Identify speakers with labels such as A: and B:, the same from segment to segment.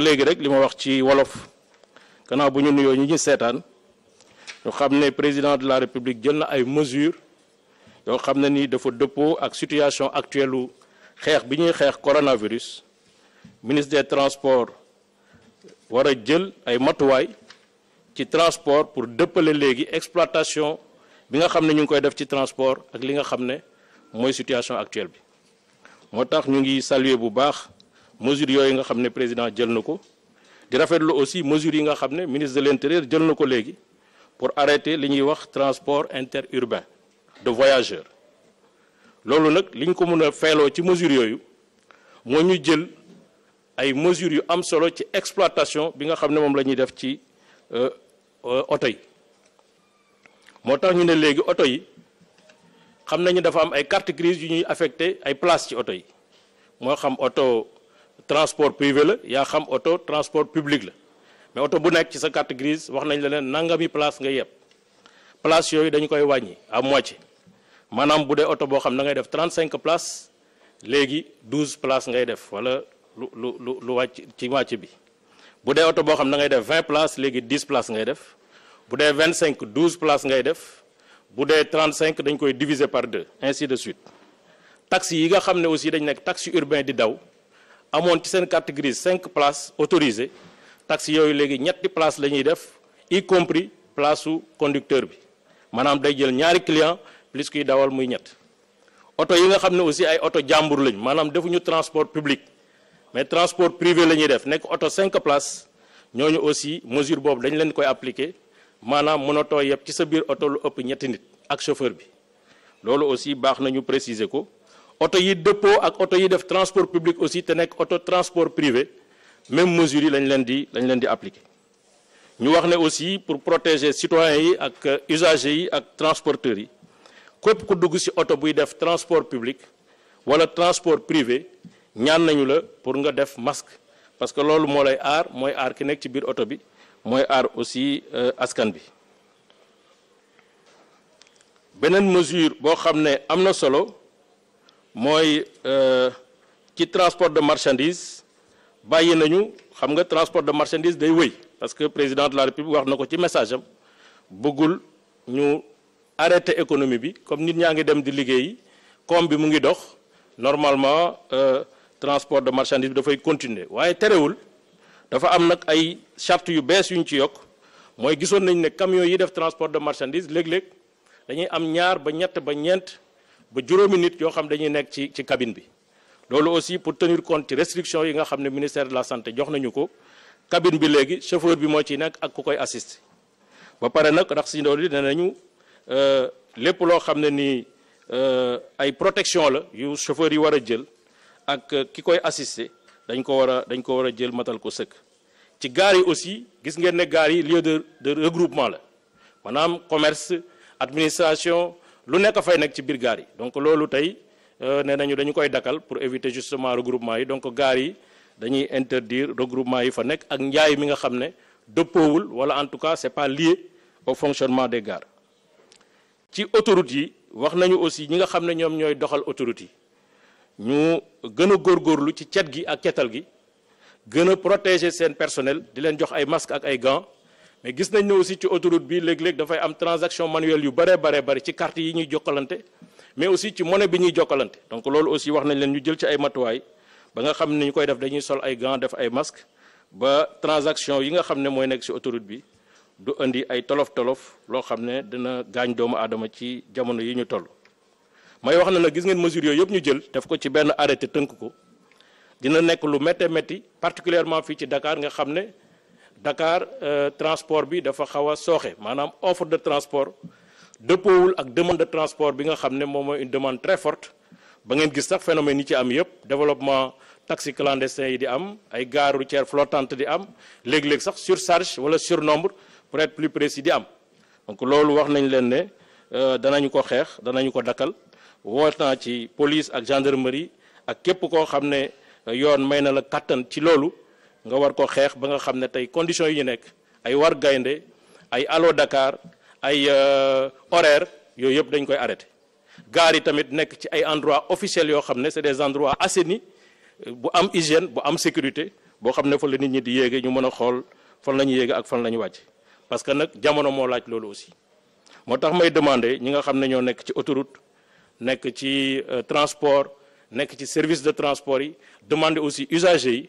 A: léegi rek lima wax ci wolof gannaaw bu ñu ñu ñu seetaan ñu xam président de la république jël na ay mesures yoo xam ne ni dafa ak situation actuelle xeex bi ministre des transports a jël ay transport pour dëppale léegi exploitation bi nga xam ñu koy def ci transport ak li nga situation actuelle bi ñu ngi saluer bu mesures yoy nga xamné président jël na di rafetlu aussi mesures yi nga xam ministre de l'intérieur jël na ko pour arrêter liñuy wax transport interurbain de voyageurs lolu nak liñ ko mëna félo ci mesures yooyu mo ñu jël ay mesures yu am solo ci exploitation bi nga xamné mom lañuy def ci euh auto euh, yi moo tax ñu né légui auto yi xam nañu dafa am ay carte grise yu ñuy affecté ay place ci auto yi moo xam auto transport privé la yaa xam transport public la mais oto bu nekk ci sa carte grise wax nañ la ne nangami place nga yeb place yooyu dañu koy wàññi à moitié maanaam bu dee oto boo xam da ngay def 35 place léegi 12 place ngay def wala lu lu lu lu wàcc ci wàcc bi bu dee oto boo xam da ngay def 20 place léegi 10 place ngay def bu dee 25 12 place ngay def bu dee 35 dañ koy diviser par deux ainsi de suite taxi yi nga xam ne aussi dañ nek taxi urbain di daw Il ci sen carte places autorisées taxi y compris place conducteur bi manam day jël ñaari client plus kuy dawal muy ñett auto yi nga xamné aussi ay transport public mais transport privé lañuy def nek auto 5 places ñoñu aussi mesure bobu dañ leen koy appliquer yeb ci sa lu bi aussi préciser auto yi dëppoo ak auto yi def transport public aussi te auto transport privé même mesure yi lañ leen di lañ leen di appliquer ñu wax ne aussi pour protéger citoyens yi ak usagers yi ak transporteurs yi kopp ku dugg ci auto buy def transport public wala transport privé ñaan nañu la pour nga def masque parce que loolu moo lay aar mooy aar ki nekk ci biir auto bi mooy aar aussi euh, askan bi beneen mesure boo xam ne am solo mooy euh, ci transport de marchandise bàyyi nañu xam nga transport de marchandise day wëy parce que président de la république wax na ko ci message bëggul ñu arrêté économie bi comme nit ñaa ngi dem di liggéeyi comme bi mu ngi dox normalement euh, transport de marchandise bi dafay continuer waaye terewul dafa am nag ay charte yu bees yu ñu ci yokk mooy gisoon nañ ne camions yi def transport de marchandise léeg-léeg dañuy am ñaar ba ñett ba ñeent ba juróomi nit yoo xam dañuy nekk ci ci cabine bi loolu aussi pour tenir compte ci restriction yi nga xam ne ministère de la santé jox nañu ko cabine bi léegi chauffeur bi moo ciy nekk ak ku koy assisté ba pare nag rax si ndool yi ne nañu euh, lépp loo xam ne nii euh, ay protection la yu chauffeur yi war a jël ak ki koy assisté dañ ko war a dañ ko war a jël matal ko sëkk ci gaar yi aussi gis ngeen ne gaar yi lieu de de regroupement la maanaam commerce administration lu nekk fay nekk ci biir gaar yi donc loolu tey euh, nee nañu dañu koy dakkal pour éviter justement regroupement yi donc gaar yi dañuy interdire regroupement yi fa nekk ak njaay mi nga xam ne dëppoowul wala en tout cas c'est pas lié au fonctionnement des gares ci autoroute yi wax nañu aussi ñi nga xam ne ñoom ñooy doxal autoroute yi ñu gën a góorlu ci cet gi ak cetal gi gën a protéger seen personnel di leen jox ay masques ak ay gants mais gis nañ ne aussi ci autoroute bi léeg-léeg dafay am transaction manuelle yu bare bare bare ci carte yi ñuy jokkalante mais aussi ci monnaie bi ñuy jokkalante donc loolu aussi wax nañ leen ñu jël ci ay matuwaay ba nga xam ne ñu koy def dañuy sol ay gants def ay masque ba transaction yi nga xam ne mooy nekk ci autoroute bi du indi ay tolof-tolof loo xam ne dina gaañ doomu aadama ci jamono yi ñu toll may wax na nag gis ngeen mesure yooyu yëpp ñu jël def ko ci benn arrêté tënk ko dina nekk lu méttee metti particulièrement fii ci Dakar nga xam ne Dakar euh, transport bi dafa xaw a sooxe maanaam offre de transport dëppoowul ak demand de transport bi nga xam ne moom mooy une demande très forte ba ngeen gis sax phénomène yi ci am yëpp développement taxi clandestin yi di am ay gare routière flottante di am léeg-léeg sax surcharge wala surnombre pour être plus précis di am donc loolu wax nañ leen ne euh, danañu ko xeex danañu ko dakkal woot naa ci police ak gendarmerie ak képp koo xam ne euh, yoon may na la kàttan ci loolu nga war ko xeex ba nga conditions yi nekk ay war gaynde ay allo Dakar ay euh, horaire yooyu yëpp dañ koy arrêté gaar endroits officiels yoo xam des endroits assainis bu am hygiène bu am sécurité boo xam ne la nit ñi di ñu ak parce que nag jamono moo laaj loolu aussi moo tax may demander ñi nga xam ne euh, transport nekk ci service de transport yi aussi aussi usagers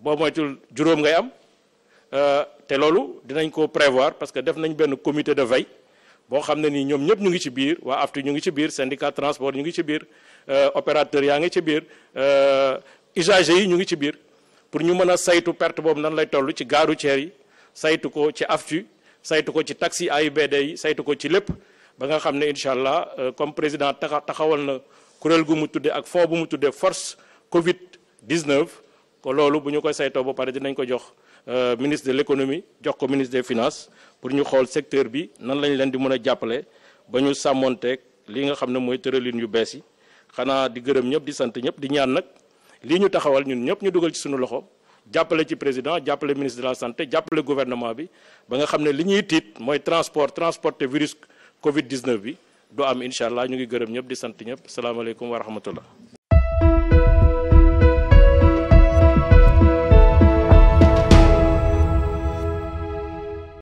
A: boo moytul juróom ngay am euh, te dinañ ko prévoir parce que def nañ benn comité de veille boo xam ne ni ñoom ñëpp ñu ngi ci biir AFTU ñu ngi ci biir syndicat transport ñu ngi ci biir euh, opérateur yaa ngi ci biir euh, usagers yi ñu ngi ci biir pour ñu mën saytu perte nan lay ci yi saytu ko ci AFTU saytu ko ci taxi AIBD yi saytu ko ci lépp ba nga xam ne allah comme président taxawal na kuréel gu mu ak fond bu mu force Covid 19. ko loolu bu ñu koy saytoo ba pare dinañ ko jox euh, ministre de l'économie jox ko ministre des finances pour ñu xool secteur bi nan lañ leen di mën a jàppale ba ñu sàmmonteeg li nga xam ne mooy tëralin yu bees yi xanaa di gërëm ñëpp di sant ñëpp di ñaan nag lii ñu taxawal ñun ñëpp ñu dugal ci suñu loxo jàppale ci président jàppale ministre de la santé jàppale gouvernement bi ba nga xam ne li ñuy tiit mooy transport transporter virus Covid 19 bi du am incha allah ñu ngi gërëm ñëpp di sant ñëpp salaamaaleykum wa rahmatullah